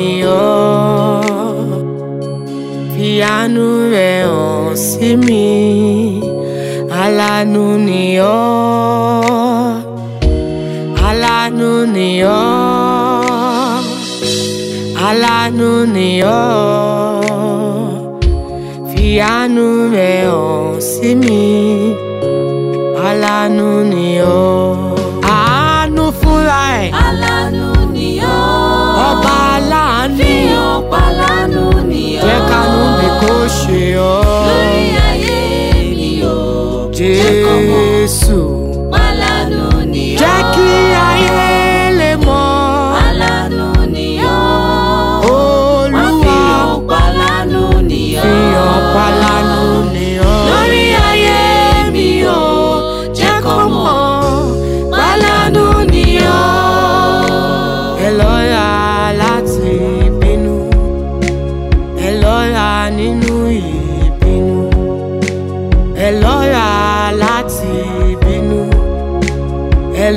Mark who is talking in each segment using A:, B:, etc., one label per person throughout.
A: ènìyàn fi àánú rẹ̀ hàn sí mi alánú ni ọ́ alánú ni ọ́ alánú ni ọ́ fi àánú hàn sí mi alánú ni ọ́.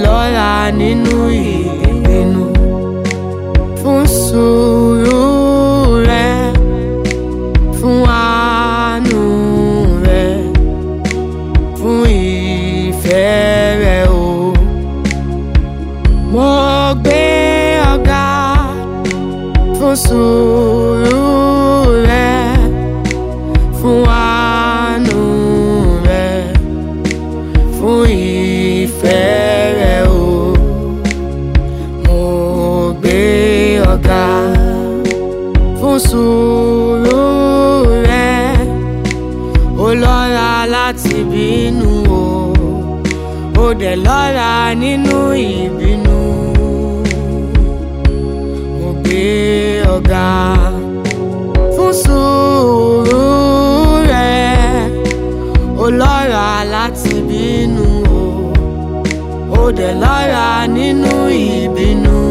A: lọ́la nínú ìpinnu fún sùúrù rẹ fún àánú rẹ fún ìfẹ́ rẹ o. mo gbé ọ̀gá fún sùúrù rẹ fún sùúrù rẹ ó lọ́ra láti bínú o ó dẹ̀ lọ́ra nínú ìbínú mo gbé ọ̀gá fún sùúrù rẹ ó lọ́ra láti bínú o ó dẹ̀ lọ́ra nínú ìbínú.